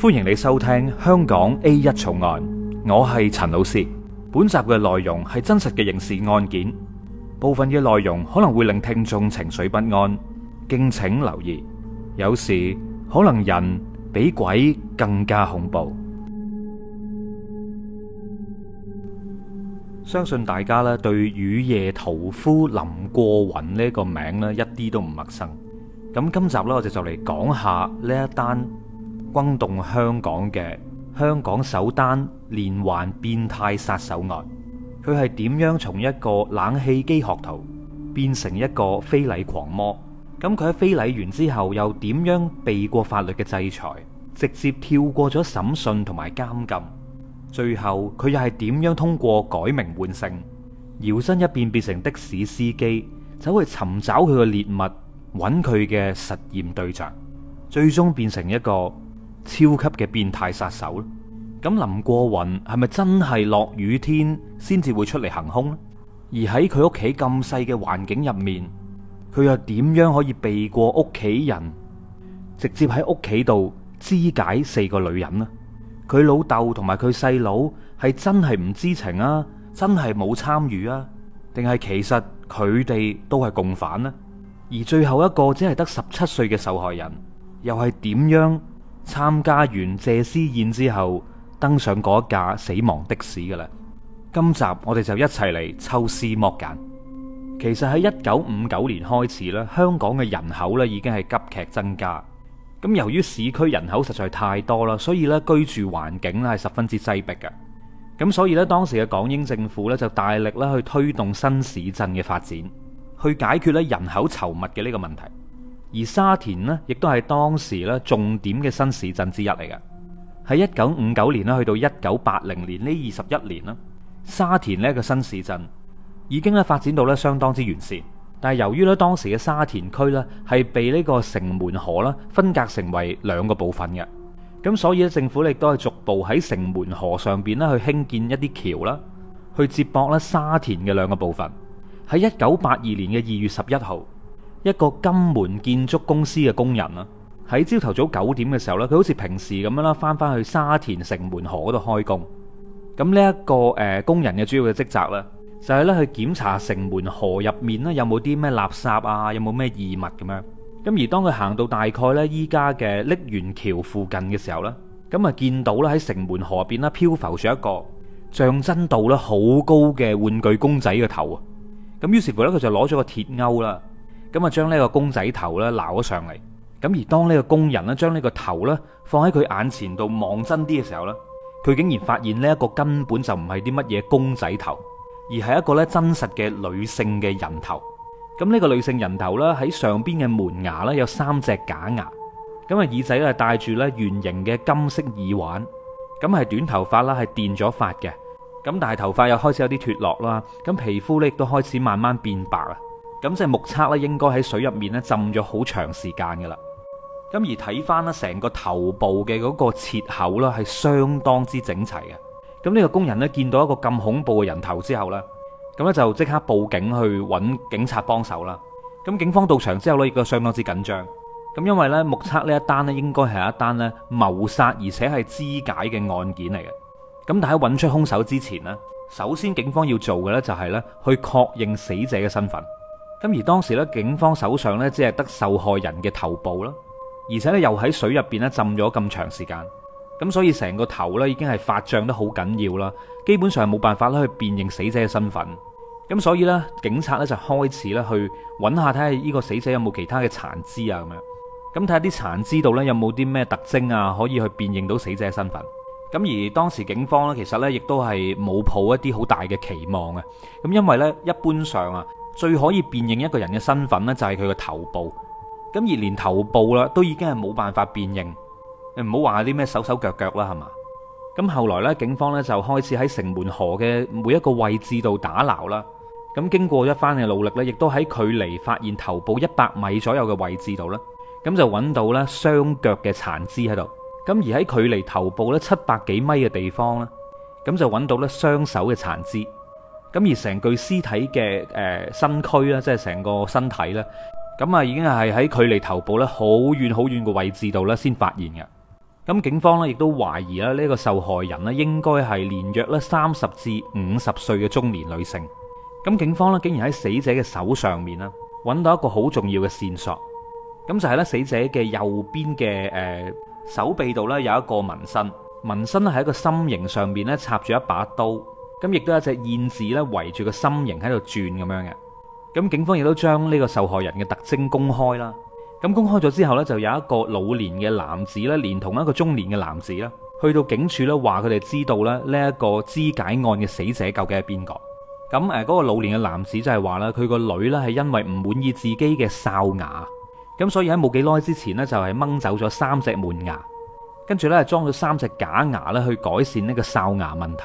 歡迎你收聽香港 A 一重案，我係陳老師。本集嘅內容係真實嘅刑事案件，部分嘅內容可能會令聽眾情緒不安，敬請留意。有時可能人比鬼更加恐怖。相信大家咧對雨夜屠夫林過雲呢個名咧一啲都唔陌生。咁今集咧我就就嚟講一下呢一單。轟動香港嘅香港首單連環變態殺手案，佢係點樣從一個冷氣機學徒變成一個非禮狂魔？咁佢喺非禮完之後，又點樣避過法律嘅制裁，直接跳過咗審訊同埋監禁？最後佢又係點樣通過改名換姓，搖身一變，變成的士司機，走去尋找佢嘅獵物，揾佢嘅實驗對象，最終變成一個？超級嘅變態殺手啦！咁林過雲係咪真係落雨天先至會出嚟行兇呢？而喺佢屋企咁細嘅環境入面，佢又點樣可以避過屋企人，直接喺屋企度肢解四個女人呢？佢老豆同埋佢細佬係真係唔知情啊，真係冇參與啊？定係其實佢哋都係共犯呢？而最後一個只係得十七歲嘅受害人，又係點樣？參加完謝師宴之後，登上嗰架死亡的士㗎啦。今集我哋就一齊嚟，抽絲剝繭。其實喺一九五九年開始咧，香港嘅人口咧已經係急劇增加。咁由於市區人口實在太多啦，所以咧居住環境咧係十分之擠迫嘅。咁所以咧當時嘅港英政府咧就大力咧去推動新市鎮嘅發展，去解決咧人口稠密嘅呢個問題。而沙田呢，亦都係當時咧重點嘅新市鎮之一嚟嘅。喺一九五九年去到一九八零年呢二十一年啦，沙田呢個新市鎮已經咧發展到咧相當之完善。但係由於咧當時嘅沙田區呢，係被呢個城門河啦分隔成為兩個部分嘅，咁所以咧政府亦都係逐步喺城門河上邊咧去興建一啲橋啦，去接駁咧沙田嘅兩個部分。喺一九八二年嘅二月十一號。一個金門建築公司嘅工人啊，喺朝頭早九點嘅時候咧，佢好似平時咁樣啦，返返去沙田城門河嗰度開工。咁呢一個誒工人嘅主要嘅職責咧，就係咧去檢查城門河入面咧，有冇啲咩垃圾啊，有冇咩異物咁樣。咁而當佢行到大概咧依家嘅瀝源橋附近嘅時候咧，咁啊見到咧喺城門河邊咧漂浮住一個像真度咧好高嘅玩具公仔嘅頭啊。咁於是乎咧，佢就攞咗個鐵鈎啦。咁啊，將呢個公仔頭咧撈咗上嚟。咁而當呢個工人咧將呢個頭咧放喺佢眼前度望真啲嘅時候咧，佢竟然發現呢一個根本就唔係啲乜嘢公仔頭，而係一個咧真實嘅女性嘅人頭。咁、這、呢個女性人頭咧喺上邊嘅門牙咧有三隻假牙。咁啊耳仔咧戴住咧圓形嘅金色耳環。咁係短頭髮啦，係電咗髮嘅。咁但係頭髮又開始有啲脫落啦。咁皮膚咧亦都開始慢慢變白咁即係目測咧，應該喺水入面咧浸咗好長時間噶啦。咁而睇翻呢成個頭部嘅嗰個切口呢係相當之整齊嘅。咁、這、呢個工人呢，見到一個咁恐怖嘅人頭之後呢，咁咧就即刻報警去揾警察幫手啦。咁警方到場之後呢，亦都相當之緊張。咁因為呢目測呢一單呢，應該係一單呢謀殺，而且係肢解嘅案件嚟嘅。咁但係揾出兇手之前呢，首先警方要做嘅呢，就係呢去確認死者嘅身份。咁而當時咧，警方手上咧只係得受害人嘅頭部啦，而且咧又喺水入面咧浸咗咁長時間，咁所以成個頭咧已經係發脹得好緊要啦，基本上係冇辦法咧去辨認死者嘅身份。咁所以咧，警察咧就開始咧去揾下睇下呢個死者有冇其他嘅殘肢啊咁樣，咁睇下啲殘肢度咧有冇啲咩特徵啊，可以去辨認到死者嘅身份。咁而當時警方咧其，其實咧亦都係冇抱一啲好大嘅期望嘅，咁因為咧一般上啊。最可以辨認一個人嘅身份呢，就係佢嘅頭部。咁而連頭部啦，都已經係冇辦法辨認。你唔好話啲咩手手腳腳啦，係嘛。咁後來呢，警方呢，就開始喺城門河嘅每一個位置度打撈啦。咁經過了一番嘅努力呢，亦都喺距離發現頭部一百米左右嘅位置度啦，咁就揾到呢雙腳嘅殘肢喺度。咁而喺距離頭部呢，七百幾米嘅地方咧，咁就揾到呢雙手嘅殘肢。咁而成具屍體嘅誒身軀咧，即係成個身體咧，咁啊已經係喺距離頭部咧好遠好遠嘅位置度咧先發現嘅。咁警方咧，亦都懷疑啦，呢個受害人呢，應該係年約咧三十至五十歲嘅中年女性。咁警方呢，竟然喺死者嘅手上面揾到一個好重要嘅線索，咁就係咧死者嘅右邊嘅、呃、手臂度咧有一個紋身，紋身係一個心形上面咧插住一把刀。咁亦都有一隻燕子咧，圍住個心形喺度轉咁樣嘅。咁警方亦都將呢個受害人嘅特徵公開啦。咁公開咗之後呢，就有一個老年嘅男子咧，連同一個中年嘅男子呢，去到警署咧話佢哋知道咧呢一個肢解案嘅死者究竟係邊個。咁、誒嗰個老年嘅男子就係話咧，佢個女咧係因為唔滿意自己嘅哨牙，咁所以喺冇幾耐之前呢，就係掹走咗三隻門牙，跟住呢，裝咗三隻假牙咧去改善呢個哨牙問題。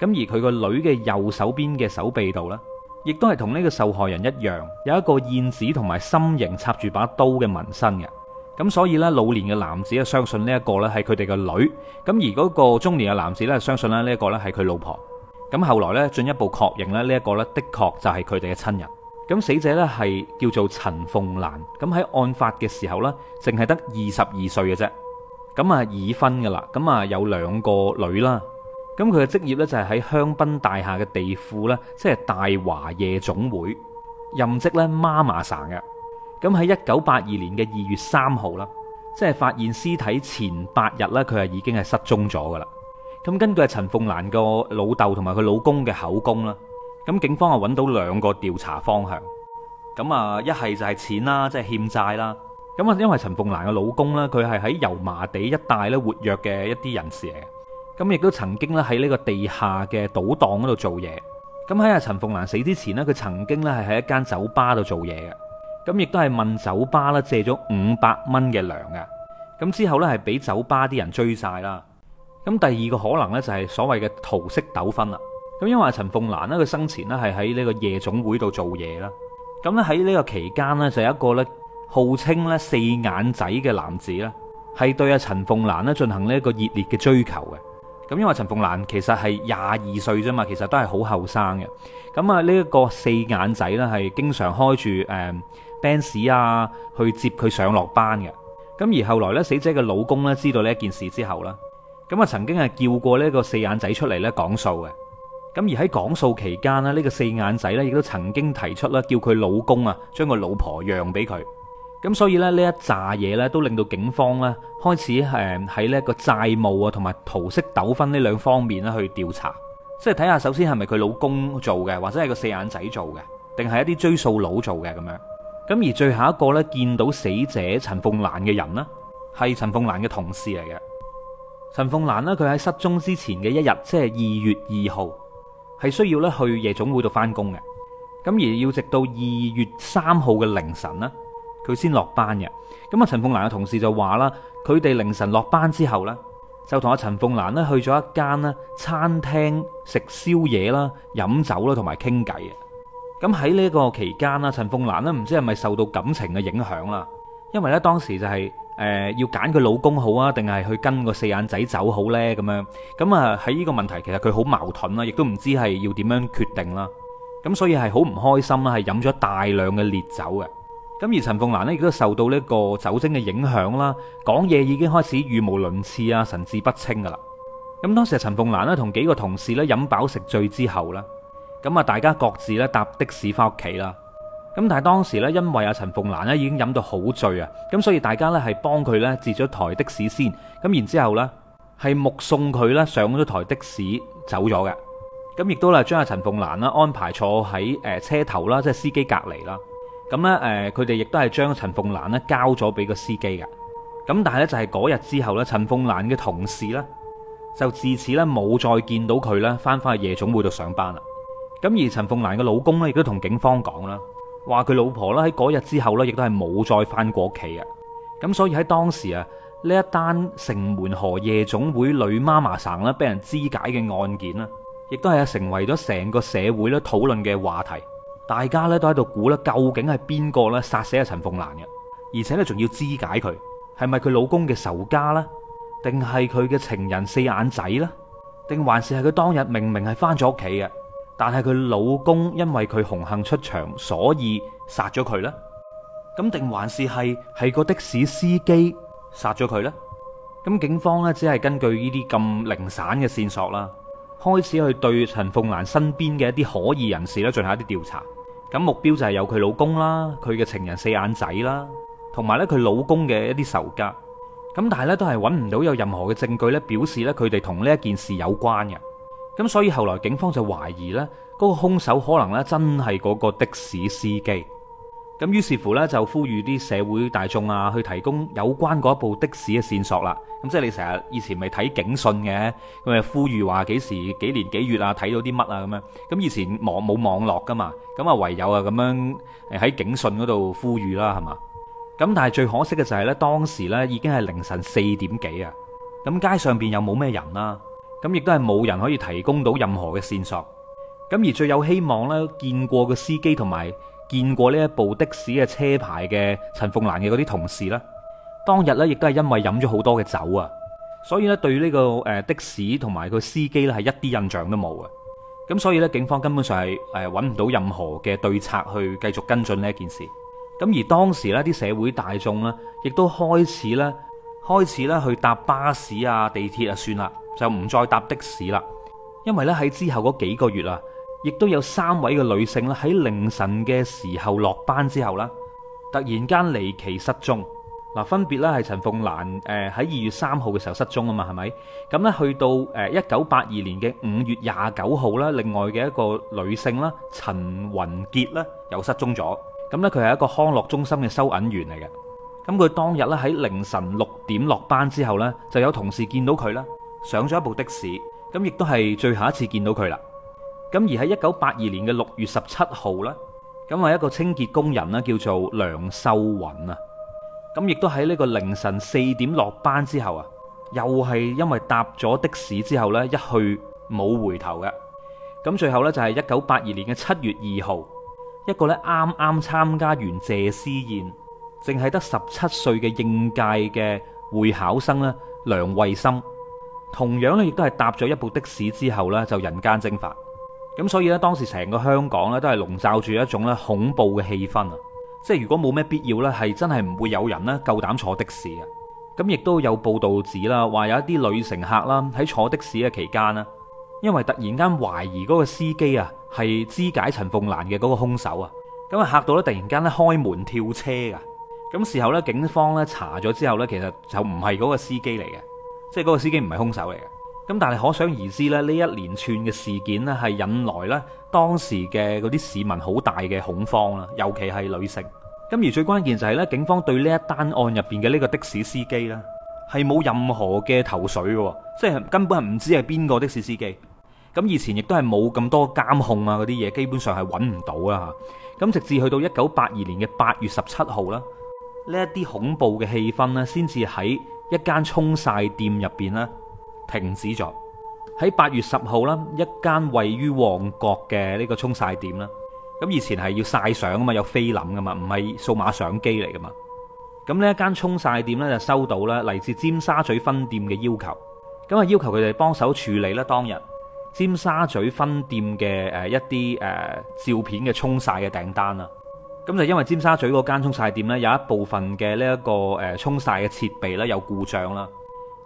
咁而佢個女嘅右手邊嘅手臂度呢，亦都係同呢個受害人一樣，有一個燕子同埋心形插住把刀嘅紋身嘅。咁所以呢，老年嘅男子啊，相信呢一個呢係佢哋嘅女。咁而嗰個中年嘅男子呢，相信呢一個呢係佢老婆。咁後來呢，進一步確認咧呢一個呢，的確就係佢哋嘅親人。咁死者呢，係叫做陳鳳蘭。咁喺案發嘅時候呢，淨係得二十二歲嘅啫。咁啊已婚噶啦，咁啊有兩個女啦。咁佢嘅職業咧就係喺香檳大廈嘅地庫咧，即係大華夜總會任職咧，媽媽生嘅。咁喺一九八二年嘅二月三號啦，即係發現屍體前八日咧，佢係已經係失蹤咗噶啦。咁根據陳鳳蘭個老豆同埋佢老公嘅口供啦，咁警方啊揾到兩個調查方向。咁啊，一係就係錢啦，即係欠債啦。咁啊，因為陳鳳蘭嘅老公咧，佢係喺油麻地一帶咧活躍嘅一啲人士嚟咁亦都曾經咧喺呢個地下嘅賭檔嗰度做嘢。咁喺阿陳鳳蘭死之前呢，佢曾經呢係喺一間酒吧度做嘢嘅。咁亦都係問酒吧咧借咗五百蚊嘅糧㗎。咁之後呢，係俾酒吧啲人追晒啦。咁第二個可能呢，就係所謂嘅桃色糾紛啦。咁因為阿陳鳳蘭佢生前呢係喺呢個夜總會度做嘢啦。咁咧喺呢個期間呢，就有一個呢號稱呢四眼仔嘅男子呢係對阿陳鳳蘭咧進行呢一個熱烈嘅追求嘅。咁因為陳鳳蘭其實係廿二歲啫嘛，其實都係好後生嘅。咁啊，呢一個四眼仔咧係經常開住誒 Benz 啊去接佢上落班嘅。咁而後來咧，死者嘅老公咧知道呢一件事之後啦，咁啊曾經係叫過呢個四眼仔出嚟咧講數嘅。咁而喺講數期間呢，呢、呢個四眼仔咧亦都曾經提出啦，叫佢老公啊將個老婆讓俾佢。咁所以咧，呢一紮嘢呢都令到警方呢開始喺呢個債務啊，同埋桃色糾紛呢兩方面呢去調查，即係睇下首先係咪佢老公做嘅，或者係個四眼仔做嘅，定係一啲追數佬做嘅咁樣。咁而最後一個呢，見到死者陳鳳蘭嘅人呢，係陳鳳蘭嘅同事嚟嘅。陳鳳蘭呢，佢喺失蹤之前嘅一日，即係二月二號，係需要呢去夜總會度翻工嘅。咁而要直到二月三號嘅凌晨呢佢先落班嘅，咁啊，陳鳳蘭嘅同事就話啦，佢哋凌晨落班之後呢，就同阿陳鳳蘭呢去咗一間呢餐廳食宵夜啦、飲酒啦同埋傾偈。咁喺呢個期間啦，陳鳳蘭呢唔知係咪受到感情嘅影響啦，因為呢當時就係、誒、要揀佢老公好啊，定係去跟個四眼仔走好呢？咁樣，咁啊喺呢個問題其實佢好矛盾啦，亦都唔知係要點樣決定啦。咁所以係好唔開心啦，係飲咗大量嘅烈酒嘅。咁而陳鳳蘭咧亦都受到呢個酒精嘅影響啦，講嘢已經開始語無倫次啊，神志不清噶啦。咁當時陳鳳蘭咧同幾個同事咧飲飽食醉之後啦，咁啊大家各自咧搭的士翻屋企啦。咁但係當時咧，因為啊陳鳳蘭咧已經飲到好醉啊，咁所以大家咧係幫佢咧截咗台的士先，咁然之後咧係目送佢咧上咗台的士走咗嘅。咁亦都咧將阿陳鳳蘭啦安排坐喺誒車頭啦，即係司機隔離啦。咁咧，誒佢哋亦都係將陳鳳蘭咧交咗俾個司機㗎。咁但係咧，就係嗰日之後咧，陳鳳蘭嘅同事咧就自此咧冇再見到佢咧翻返去夜總會度上班啦。咁而陳鳳蘭嘅老公咧亦都同警方講啦，話佢老婆咧喺嗰日之後咧亦都係冇再翻過屋企㗎。咁所以喺當時啊，呢一單城門河夜總會女媽媽生咧俾人肢解嘅案件咧，亦都係成為咗成個社會咧討論嘅話題。大家咧都喺度估啦，究竟係邊個咧殺死阿陳鳳蘭嘅？而且咧仲要肢解佢，係咪佢老公嘅仇家咧？定係佢嘅情人四眼仔咧？定還是係佢當日明明係翻咗屋企嘅？但係佢老公因為佢紅杏出牆，所以殺咗佢呢？咁定還是係係個的士司機殺咗佢呢？咁警方呢只係根據呢啲咁零散嘅線索啦，開始去對陳鳳蘭身邊嘅一啲可疑人士咧進行一啲調查。咁目標就係有佢老公啦，佢嘅情人四眼仔啦，同埋咧佢老公嘅一啲仇家，咁但係咧都係揾唔到有任何嘅證據咧，表示咧佢哋同呢一件事有關嘅。咁所以後來警方就懷疑咧，嗰個兇手可能咧真係嗰個的士司機。咁於是乎呢，就呼籲啲社會大眾啊，去提供有關嗰一部的士嘅線索啦。咁即係你成日以前咪睇警訊嘅，咁咪呼籲話幾時幾年幾月啊，睇到啲乜啊咁樣。咁以前冇網絡噶嘛，咁啊唯有啊咁樣喺警訊嗰度呼籲啦，係嘛？咁但係最可惜嘅就係呢，當時呢已經係凌晨四點幾啊，咁街上面又冇咩人啦，咁亦都係冇人可以提供到任何嘅線索。咁而最有希望呢，見過個司機同埋。見過呢一部的士嘅車牌嘅陳鳳蘭嘅嗰啲同事呢，當日呢亦都係因為飲咗好多嘅酒啊，所以呢對呢個誒的士同埋個司機呢係一啲印象都冇嘅，咁所以呢，警方根本上係搵唔到任何嘅對策去繼續跟進呢一件事，咁而當時呢啲社會大眾呢，亦都開始呢開始呢去搭巴士啊、地鐵啊算啦，就唔再搭的士啦，因為呢喺之後嗰幾個月啊。亦都有三位嘅女性啦，喺凌晨嘅時候落班之後啦，突然間離奇失蹤。嗱，分別咧係陳鳳蘭，誒喺二月三號嘅時候失蹤啊嘛，係咪？咁咧去到誒一九八二年嘅五月廿九號啦，另外嘅一個女性啦，陳雲傑咧又失蹤咗。咁咧佢係一個康樂中心嘅收銀員嚟嘅。咁佢當日咧喺凌晨六點落班之後咧，就有同事見到佢啦，上咗一部的士，咁亦都係最後一次見到佢啦。咁而喺一九八二年嘅六月十七號呢，咁係一個清潔工人呢，叫做梁秀雲啊。咁亦都喺呢個凌晨四點落班之後啊，又係因為搭咗的士之後呢，一去冇回頭嘅。咁最後呢，就係一九八二年嘅七月二號，一個呢，啱啱參加完謝師宴，淨係得十七歲嘅應屆嘅會考生呢，梁慧心同樣呢，亦都係搭咗一部的士之後呢，就人間蒸發。咁所以咧，當時成個香港咧都係籠罩住一種咧恐怖嘅氣氛啊！即係如果冇咩必要呢，係真係唔會有人呢夠膽坐的士啊！咁亦都有報道指啦，話有一啲女乘客啦喺坐的士嘅期間呢，因為突然間懷疑嗰個司機啊係肢解陳鳳蘭嘅嗰個兇手啊，咁啊嚇到咧突然間咧開門跳車噶！咁事後呢，警方咧查咗之後呢，其實就唔係嗰個司機嚟嘅，即係嗰個司機唔係兇手嚟嘅。咁但係可想而知咧，呢一連串嘅事件呢係引來咧當時嘅嗰啲市民好大嘅恐慌啦，尤其係女性。咁而最關鍵就係咧，呢警方對呢一單案入邊嘅呢個的士司機呢係冇任何嘅頭緒嘅，即係根本係唔知係邊個的士司機。咁以前亦都係冇咁多監控啊，嗰啲嘢基本上係搵唔到呀。咁直至去到一九八二年嘅八月十七號啦，呢一啲恐怖嘅氣氛呢先至喺一間沖曬店入邊呢停止咗喺八月十號啦，一間位於旺角嘅呢個沖曬店啦，咁以前係要晒相啊嘛，有菲林噶嘛，唔係數碼相機嚟噶嘛。咁呢一間沖曬店咧就收到咧嚟自尖沙咀分店嘅要求，咁啊要求佢哋幫手處理咧當日尖沙咀分店嘅誒一啲誒照片嘅沖曬嘅訂單啦。咁就因為尖沙咀嗰間沖曬店咧有一部分嘅呢一個誒沖曬嘅設備咧有故障啦。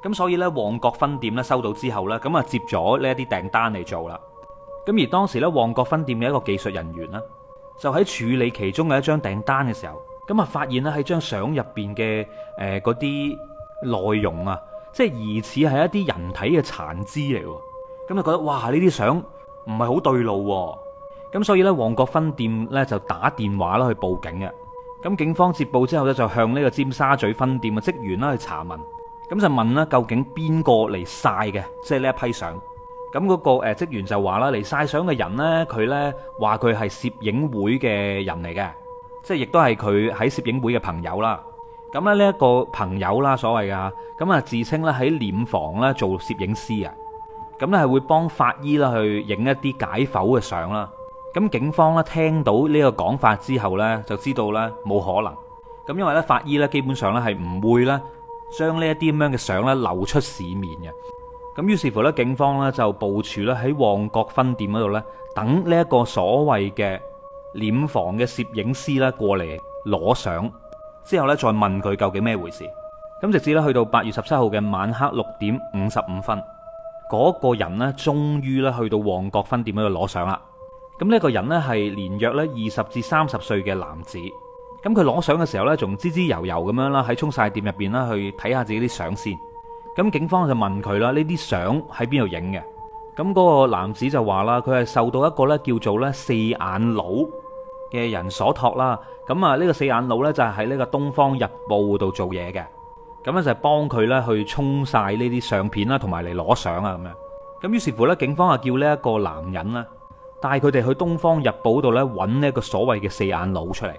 咁所以呢，旺角分店呢收到之後呢，咁啊接咗呢一啲訂單嚟做啦。咁而當時呢，旺角分店嘅一個技術人員呢，就喺處理其中嘅一張訂單嘅時候，咁啊發現呢喺張相入面嘅誒嗰啲內容啊，即係疑似係一啲人體嘅殘肢嚟喎。咁就覺得哇，呢啲相唔係好對路喎。咁所以呢，旺角分店呢就打電話啦去報警嘅。咁警方接報之後呢，就向呢個尖沙咀分店嘅職員啦去查問。咁就問啦，究竟邊個嚟曬嘅？即係呢一批相。咁嗰個誒職員就話啦，嚟曬相嘅人咧，佢咧話佢係攝影會嘅人嚟嘅，即係亦都係佢喺攝影會嘅朋友啦。咁咧呢一個朋友啦，所謂嘅，咁啊自稱咧喺殮房咧做攝影師啊。咁咧係會幫法醫啦去影一啲解剖嘅相啦。咁警方咧聽到呢個講法之後咧，就知道咧冇可能。咁因為咧法醫咧基本上咧係唔會咧。將呢一啲咁樣嘅相咧流出市面嘅，咁於是乎呢警方呢就部署咧喺旺角分店嗰度呢等呢一個所謂嘅殮房嘅攝影師呢過嚟攞相，之後呢再問佢究竟咩回事，咁直至呢去到八月十七號嘅晚黑六點五十五分，嗰個人呢終於呢去到旺角分店嗰度攞相啦，咁呢一個人呢係年約呢二十至三十歲嘅男子。咁佢攞相嘅時候呢，仲滋滋油油咁樣啦，喺沖晒店入邊啦，去睇下自己啲相先。咁警方就問佢啦：呢啲相喺邊度影嘅？咁嗰個男子就話啦：佢係受到一個呢叫做呢四眼佬嘅人所託啦。咁啊，呢個四眼佬呢，就係喺呢個《東方日報》度做嘢嘅。咁咧就係幫佢呢去沖晒呢啲相片啦，同埋嚟攞相啊咁樣。咁於是乎呢，警方啊叫呢一個男人啦帶佢哋去《東方日報》度呢，揾呢個所謂嘅四眼佬出嚟。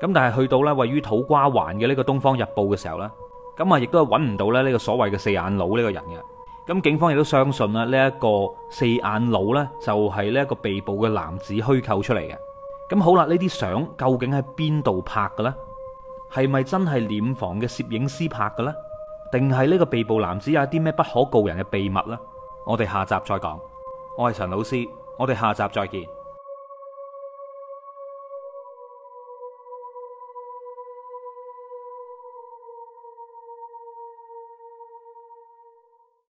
咁但係去到咧位於土瓜灣嘅呢個東方日報嘅時候呢，咁啊亦都係揾唔到咧呢個所謂嘅四眼佬呢個人嘅。咁警方亦都相信啦，呢一個四眼佬呢，就係呢一個被捕嘅男子虛構出嚟嘅。咁好啦，呢啲相究竟喺邊度拍嘅呢？係咪真係殮房嘅攝影師拍嘅呢？定係呢個被捕男子有啲咩不可告人嘅秘密呢？我哋下集再講。我係陳老師，我哋下集再見。